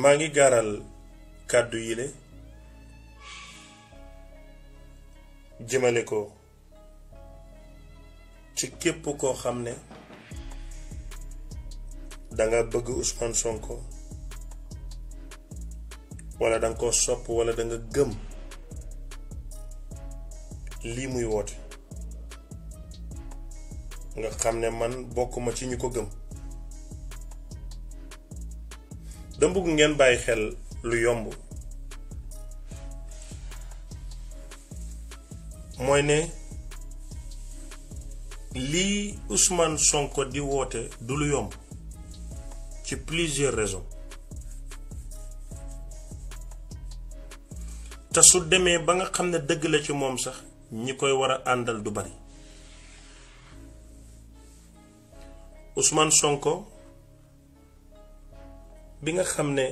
maa ngi gaaral kàddu yile jëmale ko ci képp koo xam ne danga bëgg Ousmane Sonko wala danga ko sopp wala danga gëm lii muy woote nga xam ne man bokkuma ci ñu ko gëm dama bëgg ngeen bàyyi xel lu yomb mooy ne lii Ousmane Sonko di woote du lu yomb ci plusieurs raisons te su demee ba nga xam ne dëgg la ci moom sax ñi koy war a àndal du bari Ousmane Sonko. bi nga xam ne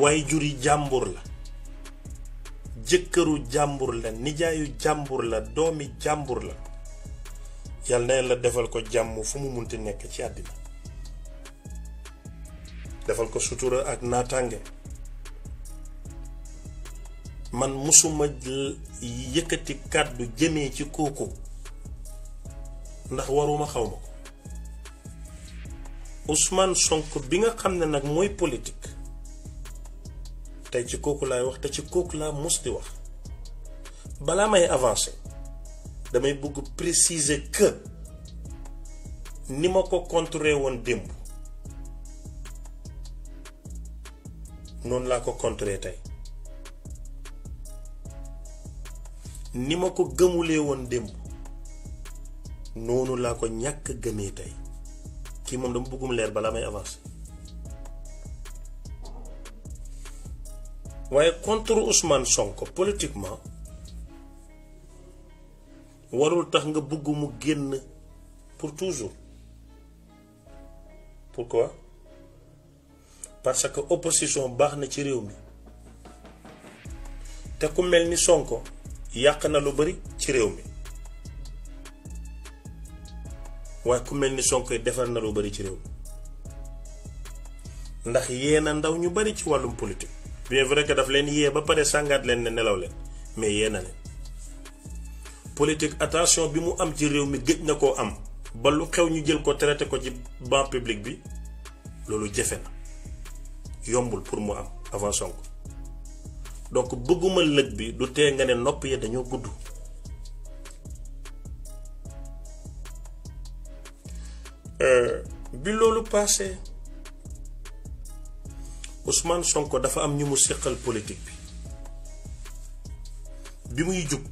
waay juri jàmbur la jëkkëru jàmbur la nijaayu jàmbur la doomi jàmbur la yàlla na yàlla defal ko jàmm fu mu munti nekk ci àddina defal ko sutura ak naataange man musuma yëkkati kàddu jëmee ci kooku ndax waruma xaw ma ko Ousmane Sonko bi nga xam ne nag mooy politique tey ci kooku laay wax te ci kooku laa mus di wax balaa may avancé damay bëgg préciser que ni ma ko contré woon démb noonu laa ko contré tey ni ma ko gëmulee woon démb noonu laa ko ñàkk gëmee tey kii moom dama bëggum leer balaa may avancer contre Ousmane Sonko politiquement warul tax nga bëgg mu génn pour toujours pourquoi parce que opposition baax na ci réew mi te ku mel ni Sonko yàq na lu bari ci réew mi waaye ku mel ni Sonko defar na lu bari ci réew ndax yee na ndaw ñu bari ci wàllum politique. bien vrai que daf leen yee ba pare sàngaat leen ne nelaw leen mais yee na leen politique attention bi mu am ci réew mi gëj nga koo am ba lu xew ñu jël ko traité ko ci banc public bi loolu jafe na yombul pour mu am avant Sonko donc bëgguma lëg bi du tee nga ne nopp ya dañoo gudd. Euh, bi loolu passé Ousmane Sonko dafa am ñu mu seqal politique bi bi muy jug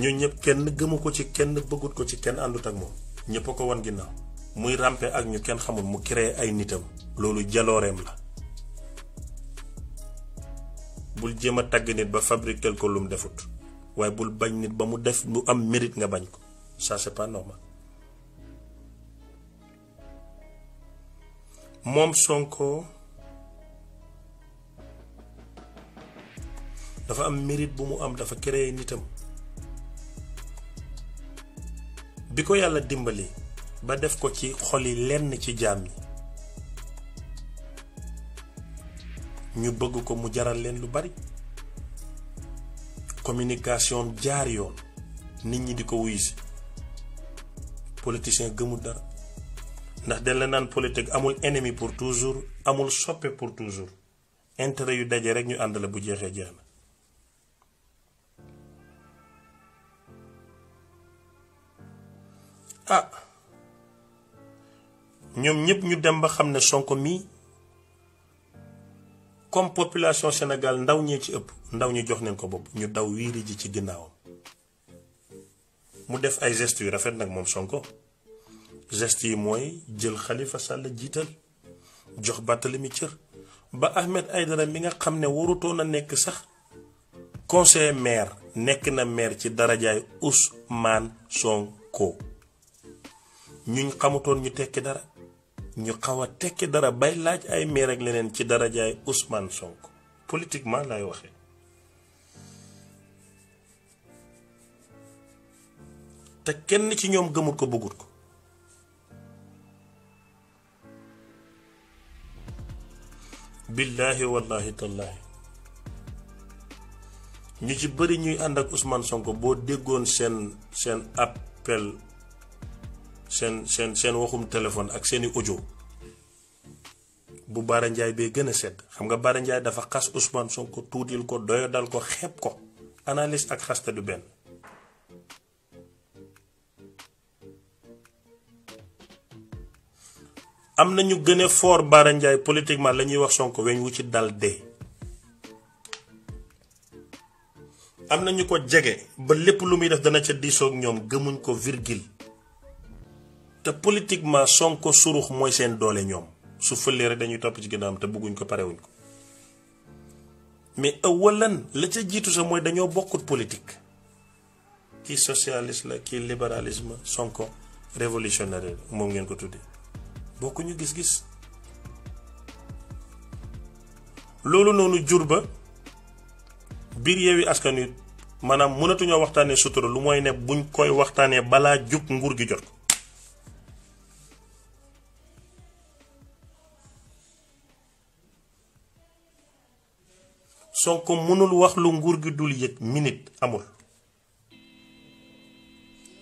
ñun ñëpp kenn gëmu ko ci kenn bëggut ko ci kenn àndut ak moom ñëpp a ko wan ginnaaw muy ràmpe ak ñu kenn xamul mu créé ay nitam loolu jalooreem la bul jéem a tàgg nit ba fabriquer ko lu mu defut waaye bul bañ nit ba mu def mu am mérite nga bañ ko ça pas normal moom Sonko dafa am mérite bu mu am dafa créer nitam bi ko yàlla dimbali ba def ko ci xoli lenn ci jaam yi ñu bëgg ko mu jaral leen lu bari communication jaar yoon nit ñi di ko wuyu politiciens gëmul dara ndax dañ la nan politique amul ennemi pour toujours amul soppé pour toujours intérêt yu dajé rek ñu ànd la bu jeexee jeex ah ñom ñëpp ñu dem ba xamné Sonko mi comme population Sénégal ndaw ñi ci ëpp ndaw ñi jox nañ ko bopp ñu daw wiiri ji ci ginnaawam. mu def ay gestes yu rafet nag moom Sonko gestes yi mooy jël xalifa Sall jiital jox Barthélemy cër ba ay Aïdara mi nga xam ne warutoon a nekk sax conseil maire nekk na maire ci darajaay Ousmane Sonko ñuñ xamutoon ñu tekki dara ñu xaw a tekki dara bay laaj ay maire ak leneen ci darajaay Ousmane Sonko politiquement lay waxee. te kenn ci ñoom gëmut ko bëggut ko billahi wallahi tallahi ñu ci bari ñuy ànd ak Ousmane Sonko boo déggoon seen seen appel sen sen sen waxum téléphone ak seeni audio bu Bara ndjay be gëna a sedd xam nga Bara ndjay dafa xass Ousmane Sonko tuutil ko doyo dal ko xeeb ko analyse ak xasta du ben. am na ñu gën a fort Bara Ndiaye politiquement la ñuy wax Sonko weñ wu ci dal dee. am na ñu ko jege ba lépp lu muy def dana ca diisoog ñoom gëmuñ ko virgule te politiquement Sonko surux mooy seen doole ñoom su fëlee rek dañuy topp ci am te bëgguñ ko parewuñ ko mais awalan la ca jiitu sa mooy dañoo bokkut politique kii socialiste la kii libéralisme Sonko révolutionnaire moom ngeen ko tuddee. bokkuñu gis-gis loolu noonu jur ba biir Yewwi Askan Wi maanaam mënatuñoo waxtaanee sutura lu mooy ne buñ koy waxtaanee balaa jug nguur gi jot ko Sonko mënul wax lu nguur gi dul yëg minit amul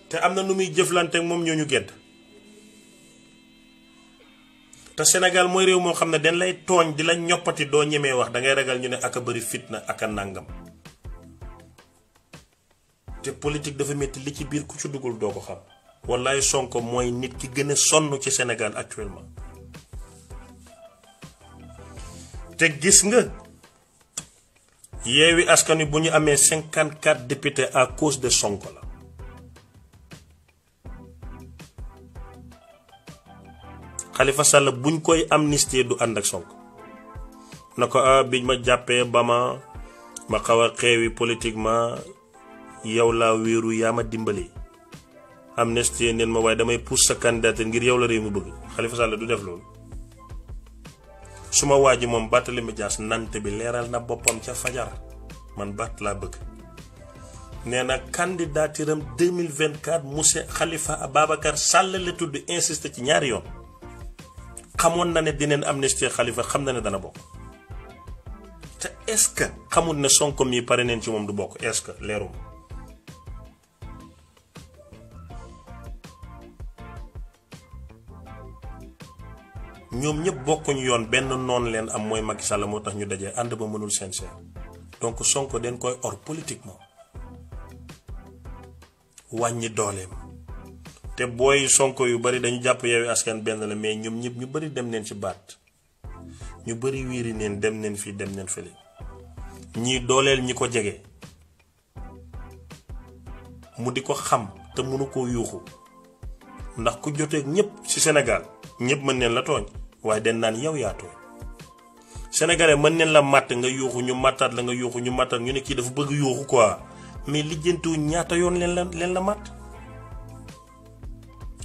te am na nu muy jëflante moom ñoo ñu gedd te Sénégal mooy réew moo xam ne dañ lay tooñ di la ñoppati doo ñemee wax dangay ragal ñu ne ak a fitna ak a nàngam te politique dafa metti li ci biir ku ci duggul doo ko xam wallaay Sonko mooy nit ki gën a sonn ci Sénégal actuellement te gis nga yeewi askan bu ñu amee cinquante quatre députés à cause de Sonko la. Khalifa Sall buñ koy amnistie du and ak sonk nako a ah biñ ma jappé bama ma xawa xewi politiquement yow la ma dimbali amnistie neen ma way damay pousse sa candidature ngir yow la réew mu bëgg Khalifa Sall du def lool suma waji mom batali Barthélémy Dias nante bi leeral na bopam ca fajar man bat la bëgg nee na 2024 monsieur Khalifa ababakar Sall le tudd insiste ci ñaar yoon xamoon na ne dineen amnistie xalifa xam na ne dana bokk te est-ce que xamul ne sonk mi pare neen ci moom du bokk est-ce que leeruma ñoom ñëpp bokkuñu yoon benn noon leen am mooy Macky Sall moo tax ñu dajee ànd ba mënul sincère donc sonk den koy or politiquement wàññi dooleem te booy sonko yu bari dañu jàpp Yewwi Askan benn la mais ñoom ñëpp ñu bari dem neen baat ñu bari wiiri neen dem neen fii dem neen fële dooleel ñi ko jege mu di ko xam te mënu koo yuuxu ndax ku joteeg ñëpp ci Sénégal ñëpp mën neen la tooñ waaye den naan yow yaa tooñ sénégalais mën neen la màtt nga yuuxu ñu màttaat la nga yuuxu ñu màttaat ñu ne kii dafa bëgg yuuxu quoi mais lijjantiwu ñaata yoon leen la leen màtt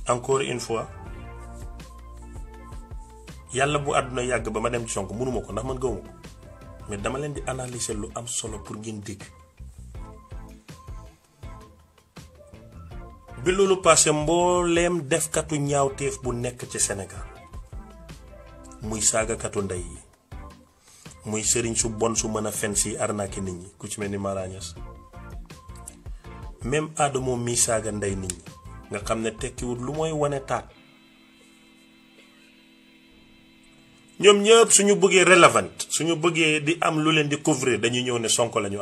encore une fois yalla bu aduna yag ba ma dem ci gomu, mënuma ko ndax man mais dama len di analyser lu am solo pour ngeen dégg bi lolu passé def defkatu ñaawteef bu nek ci Sénégal muy saagakatu ndey yi muy serigne su bon su meuna fensi arnaqué nit ñi ku ci melni même Adamo mi saga nday nit nga xam ne tekkiwut lu mooy wane taat ñoom ñëpp suñu bëggee relevant suñu bëggee di am lu leen di couvrir dañuy ñëw ne Sonko la ñu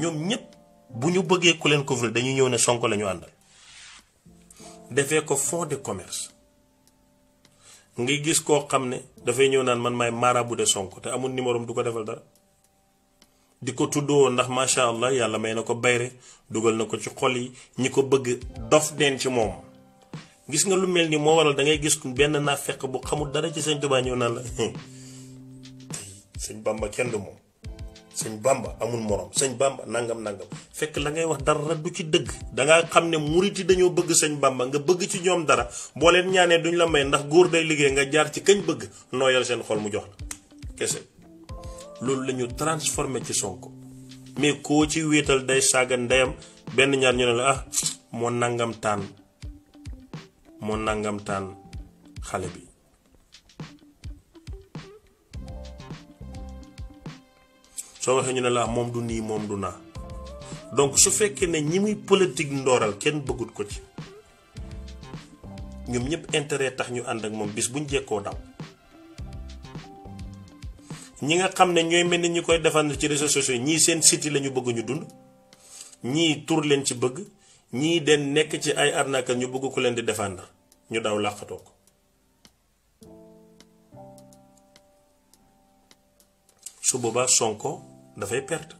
ñoom ñëpp bu ñu bëggee ku leen couvrir dañuy ñëw ne Sonko lañu ñu àndal defee ko fond de commerce ngi gis koo xam ne dafay ñëw naan man maay marabu de sonk te amul numéro du ko defal dara di tuddo tuddoo ndax macha allah yalla may na bayre dugal nako ko ci xol yi ñi ko bëgg dof den ci mom gis nga lu melni mo waral da ngay gis ku ben nafaq bu xamul dara ci seigne touba ñëw naan la eh, bamba kenn du mom seigne bamba amul morom seigne bamba nangam nangam fekk la ngay wax dara du ci deug da nga xamne ne muriti dañoo bëgg seigne bamba nga bëgg ci ñom dara bo leen ñaané duñ la may ndax goor day liggé nga jaar ci kañ bëgg noyal seen xol mu jox la loolu lañu ñu transformé ci sonk mais koo ci wéetal day saaga ndeyam benn ñaar ñu ne la ah moo nangamtaan moo nangam xale bi. soo waxee ñu ne la ah moom du nii moom du naa donc su fekkee ne ñi muy politique ndooral kenn bëggut ko ci ñoom ñëpp intérêt tax ñu ànd ak moom bis buñ jekkoo daw. ñi nga xam ne ñooy mel ni ñi koy défendre ci réseaux sociaux ñii seen site la ñu bëgg ñu dund ñii tur leen ci bëgg ñii de nekk ci ay arnaque ñu bëggu ko leen di défendre ñu daw làqatoo ko su boobaa Sonko dafay perte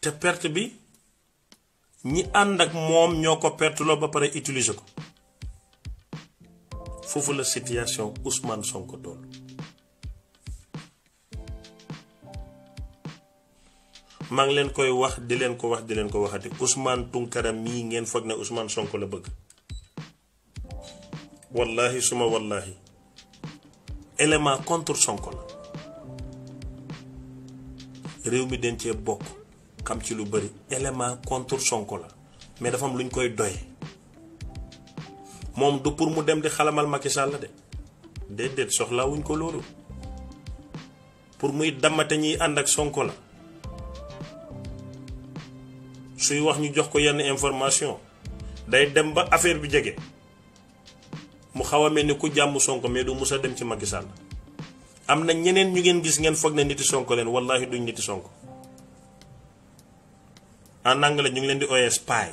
te perte bi ñi ànd ak moom ñoo ko perte ba pare utiliser ko foofu la situation Ousmane Sonko doon Manglen ngi leen koy wax di leen ko wax di leen ko waxati Ousmane Tunkara mi ngeen foog ne Ousmane Sonko la bëgg wallahi suma wallahi élément contre Sonko la réew mi dencee bokk xam ci lu bari élément contre Sonko la mais dafa am luñ koy doy moom du pour mu dem di xalamal Macky Sall de déedéet soxlaawuñ ko loolu pour muy damate ñiy ànd ak Sonko la suy wax ñu jox ko yenn information day dem ba affaire bi jege mu xaw a mel ni ku jàmm sonko mais du musa dem ci Macky Sall am na ñeneen ñu ngeen gis ngeen foog ne niti sonko leen wallahi duñ niti sonko en anglais ñu ngi leen di oyee spy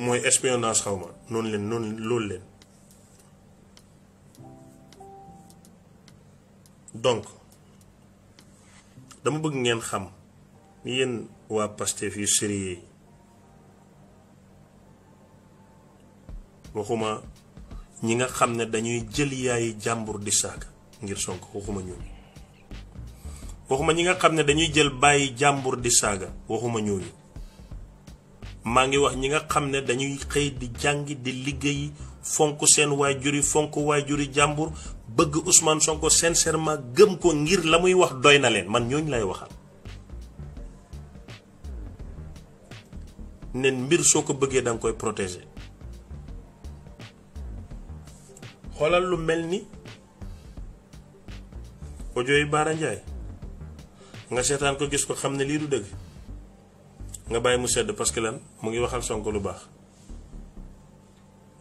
mooy espionnage xaw ma noonu leen noonu loolu donc dama bëgg ngeen xam ni yéen waa Pastef yu sérieux waxuma ñi nga xam ne dañuy jël yaayi jàmbur di saaga ngir sonk waxuma ñooñu waxuma ñi nga xam ne dañuy jël bàyyi jàmbur di saaga waxuma ñooñu maa ngi wax ñi nga xam ne dañuy xëy di jàngi di liggéey fonku sen wajuri fonku wajuri jambur, bëgg Ousmane Sonko sincèrement gëm ko ngir lamuy wax doyna len man ñooñu lay waxal nen mbir soko bëgge dang koy protéger xolal lu mel ni ojo bara Baara nga sétane ko gis ko xam ne du dëgg nga bàyyi mu sedd parce que lan mu ngi waxal Sonko lu baax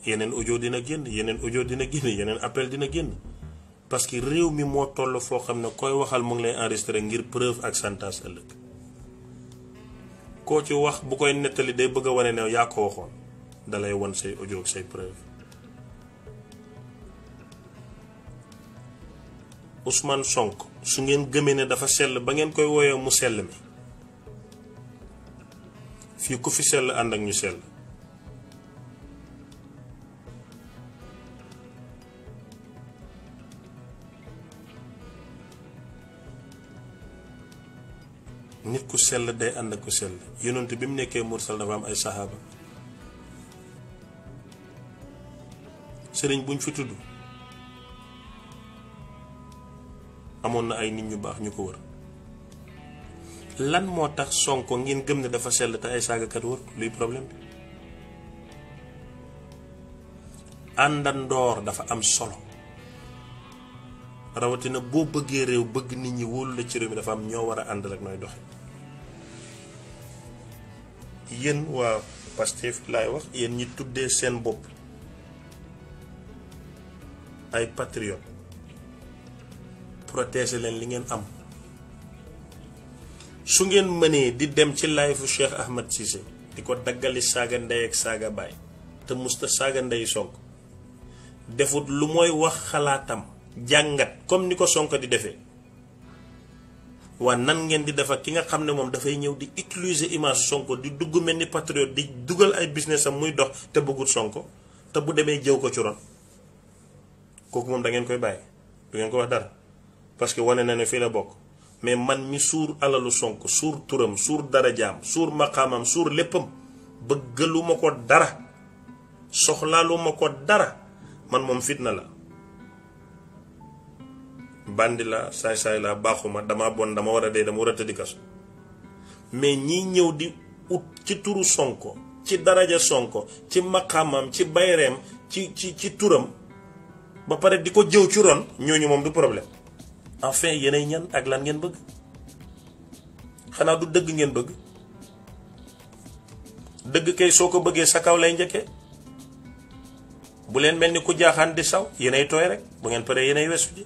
yeneen audio dina génn yeneen audio dina génn yeneen appel dina génn parce que réew mi moo toll foo xam ne koy waxal mu ngi lay enregistré ngir preuve ak santaas ëllëg koo ci wax bu koy nettali day bëgg a wane ne yaa ko waxoon dalay wan say audio ak say preuve Ousmane Sonko su ngeen gëmee ne dafa sell ba ngeen koy wooyee mu sell mi fii ku fi sell ànd ak ñu sell nit ku sel day and ku sel yonent bi mu nekké mursal dafa am ay sahaba serigne buñ fi tuddu na ay nit ñu bax ñuko wër lan mo tax sonko ngeen gëm ne dafa sel ta ay kat wër luy problème andan dor dafa am solo na bo bëggee réew bëgg nit ñi wóolu la ci réew mi dafa am ño wara and rek noy doxé Yen wa Pastef lay wax yeen ñi tuddé seen bop ay patriote protéger len li ngeen am su ngeen mëne di dem ci live Cheikh Ahmed Cissé diko daggal daggali saaga ndey ak saga bay te musta saga ndey Sonk defut lu moy wax khalatam jangat comme niko di defee wa nan ngeen di def ak ki nga xamne mom da fay ñew di utiliser image sonko di dugg melni patriote di dugal ay business am muy dox te bëggul sonko te bu démé jëw ko ci ron kooku mom da ngeen koy bay du ngeen ko wax dara parce que wane na ne fi la bok mais man mi suur alalu sonko turam sur darajam sur maqamam sur leppam bëggaluma ko dara soxlaaluma ko dara man mom fitna la bandila say say la baxuma dama bon dama wara de dama wara te dikas mais ñi ñew di ut ci turu sonko ci daraja sonko ci maqamam ci bayrem ci ci ci turam ba pare di ko ci ron ñooñu mom du problème enfin yene ñan ak lan ngeen bëgg xana du dëgg ngeen bëgg dëgg kay soko bëgge sa kaw lay ñëkke bu len melni ku jaxan di saw yene toy rek bu ngeen pare yene wessu di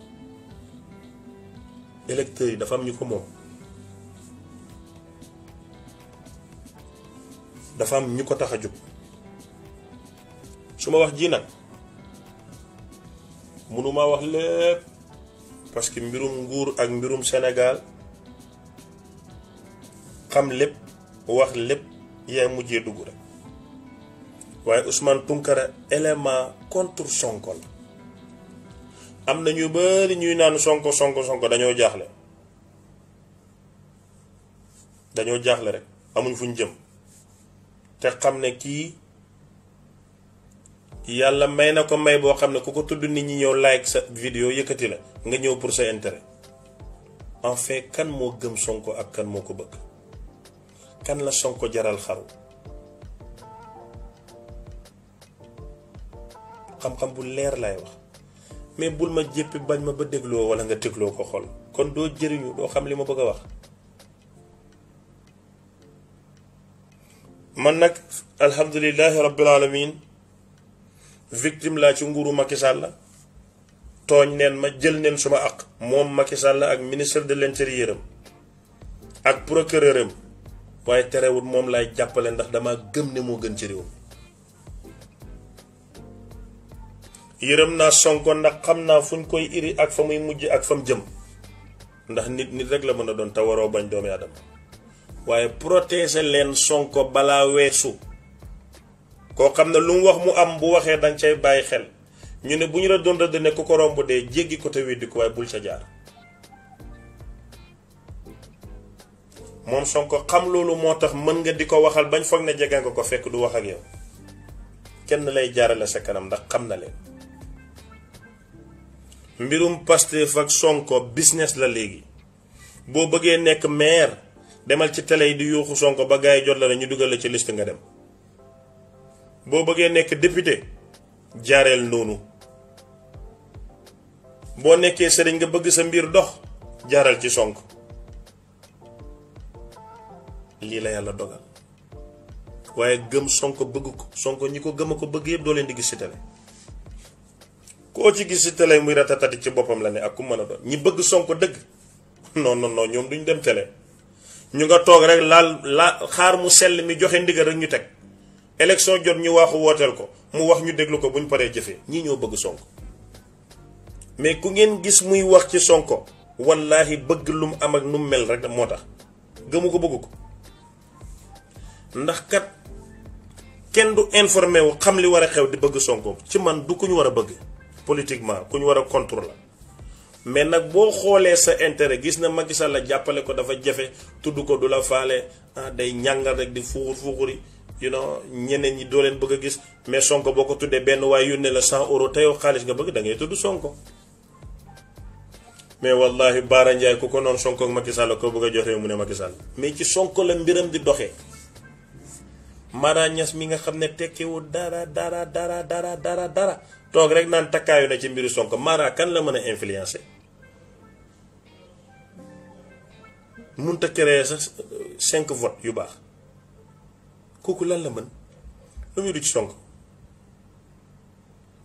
électeurs yi dafa am ñu ko moom dafa am ñu ko tax a jóg su ma wax ji nag mënuma wax lépp parce que mbirum nguur ak mbirum Sénégal xam lépp wax lépp yaa mujjee dugg rek waaye Ousmane Tounkara élément contre Sonko la am na ñu bari ñuy naan sonko sonko sonko dañoo jaaxle dañoo jaaxle rek amuñ fuñ jëm te xam ne kii yàlla may na ko may boo xam ne ku ko tudd nit ñi ñëw like sa vidéo yëkkati la nga ñëw pour sa intérêt en fait kan moo gëm sonko ak kan moo ko bëgg kan la sonko jaral xaru xam-xam bu leer lay wax mais bul ma jéppi bañ ma ba dégloo wala nga dégloo ko xol kon doo jëriñu doo xam li ma bëgg a wax man nag alhamdulilahi rabbil alamin victime laa ci nguuru Macky Sall tooñ neen ma jël neen suma àq moom Macky Sall ak ministre de l'intérieur am ak procureur am waaye terewul moom laay jàppale ndax dama gëm ne moo gën ci réew yërëm naa sonko ndax xam naa fuñ koy iri ak fa muy mujj ak fam jëm ndax nit nit rek la mën a doon te waroo bañ doomi aadama waaye protéger leen sonko balaa weesu koo xam ne lu mu wax mu am bu waxee dañ cay bàyyi xel ñu ne bu ñu la doon rëdd ne ku ko romb dee jéggi ko te weddi ko waaye bul sa jaar moom sonko xam loolu moo mën nga di ko waxal bañ foog ne jege nga ko fekk du wax ak yow kenn lay jaarale sa kanam ndax xam na mbirum Pastef ak Sonko business la léegi boo bëggee nekk maire demal ci tele yi di yuuxu Sonko ba gars yi jot la la ñu dugal la ci liste nga dem boo bëggee nekk député jaareel noonu boo nekkee sëriñ nga bëgg sa mbir dox jaaral ci Sonko lii la yàlla dogal waaye gëm Sonko bëgg ko Sonko ñi ko gëm a ko bëgg yëpp doo leen di gis ci télé koo ci gis ci télé muy ratatati ci bopam la ne ak ku mën do ñi bëgg sonko dëgg non non non ñom duñ dem télé ñu nga tok rek laal la xaar mu sel mi joxe ndigal rek ñu tek élection jot ñu waxu wotel ko mu wax ñu déglu ko buñ paré jëfé ñi ñoo bëgg sonko mais ku ngeen gis muy wax ci sonko wallahi bëgg mu am ak nu mel rek motax gëmu ko bëgg ko ndax kat kenn du informé wu xam li war a xew di bëgg sonko ci man du ko ñu war bëgg politiquement ku ñu war a contrôler la mais nag boo xoolee sa intérêt gis na Macky Sall la jàppale ko dafa jafe tudd ko du la faale ah day ñàngal rek di fuuxur fuuxuri you know ñeneen ñi doo leen bëgg a gis mais Sonko boo ko tuddee benn waaye yónnee la san euro te xaalis nga bëgg da ngay tudd Sonko mais wallahi Baara Ndiaye ku ko noonu Sonko ak Macky Sall ko bëgg a joxee mu ne Macky Sall mais ci Sonko la mbiram di doxee Mara Niass mi nga xam ne tekkiwul dara dara dara dara dara dara tok rek nan takkaayu na ci mbiru Sonko Mara kan la meuna influencer mun ta créer sa 5 euh, vote yu bax koku lan la meun lu muy du ci Sonko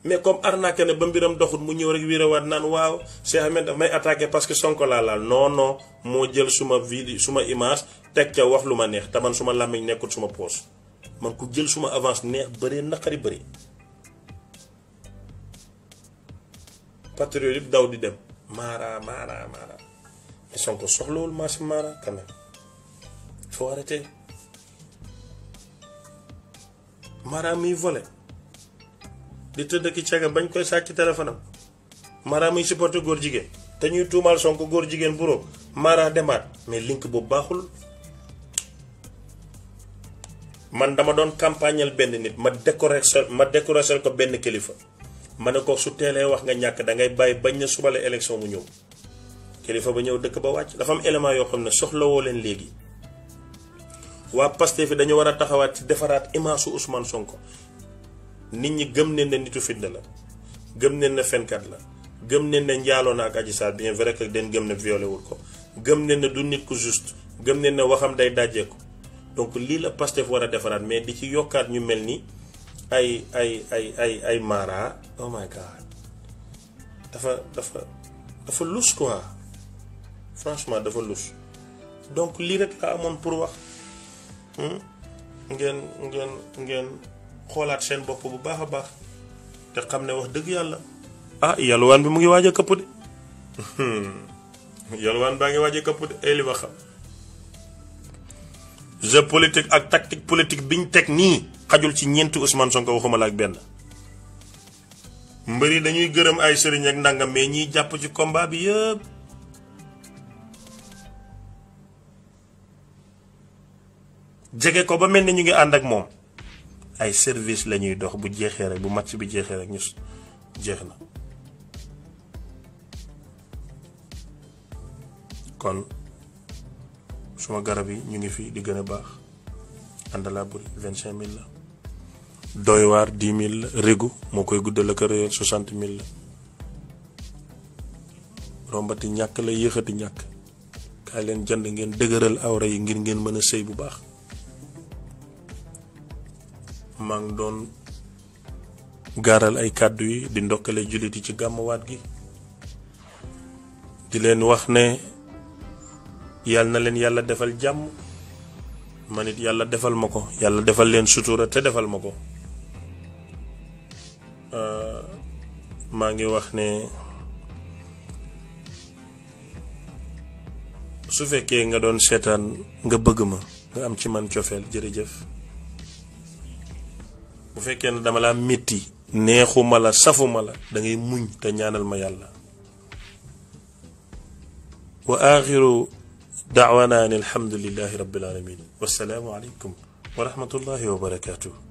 mais comme arnaque ne ba mbiram doxut mu ñew rek wat nan waaw Cheikh Ahmed may parce que Sonko la la non non mo jël suma vidéo suma image tek ca wax luma neex te suma làmmiñ nekkul suma poste man ku jël suma avance neex beure nakari beure patriote daw di dem maara maara maara mais Sonko soxlawul marche maara quand même il faut arrêter maara muy volé di tëdd ki caga bañ koy sàcc téléphone am maara muy góor jigéen te ñuy tuumaal Sonko góor jigéen buroo maara demaat mais link boobu baaxul man dama doon campagnal benn nit ma décorer ma décorer ko benn kilifa ma ne ko su teelee wax nga ñàkk da ngay bàyyi bañ na suba la élection mu ñëw kilifa ba ñëw dëkk ba wàcc dafa am élément yoo xam ne soxlawoo leen léegi waa Pastef fi dañu war a taxawaat ci defaraat image su Ousmane Sonko nit ñi gëm neen ne u fitna la gëm neen na fenkat la gëm neen ne njaaloo naa ak Adji Sarr bien vrai que den gëm ne violé wul ko gëm neen ne du nit ku juste gëm neen ne waxam day dajjeeku donc lii la Pastef war a defaraat mais di ci yokkaat ñu mel ni. ay ay ay ay ay mara oh my god dafa dafa dafa lus quoi franchement dafa lus donc lirik rek la amone pour wax hmm? ngeen ngeen ngeen xoolaat seen bopp bu baax baax te ne wax dëgg yàlla ah yalwaan bi mu ngi waaj a këpp de hmm. yalwaan baa ngi waaj a këpp de ay li xam jeu politique ak tactique politique biñ teg nii xajul ci ñent Ousmane Sonko waxuma laak ben mbeuri dañuy gëreum ay serigne ak ndangam me ñi japp ci combat bi yeb jégué ko ba melni ñu ngi and ak mom ay service lañuy dox bu jéxé rek bu match bi jéxé rek ñu jéxna kon suma garab yi ñu ngi fi di gëna baax àndalaa doy war 10000 regu, mo koy guddal ak réyoon 60000 rombati ñak la yexati ñak ka leen jënd ngeen degeural awra yi ngir ngeen mëna sey bu baax mang don garal ay kaddu yi di ndokale juliti ci gam gàmmuwaat gi di leen wax ne yal na leen yalla defal jam, manit yalla defal mako, yalla defal leen sutura te defal mako. maa ngi wax ne su fekkee nga doon seetaan nga bëgg ma nga am ci man cofeel jërëjëf bu fekkee ne dama laa métti neexuma la safuma la da ngay muñ te ñaanal ma yàlla wa axiru daawana an alhamdulilahi rabbil alamin wasalaamu aleykum wa rahmatullahi wa barakatuh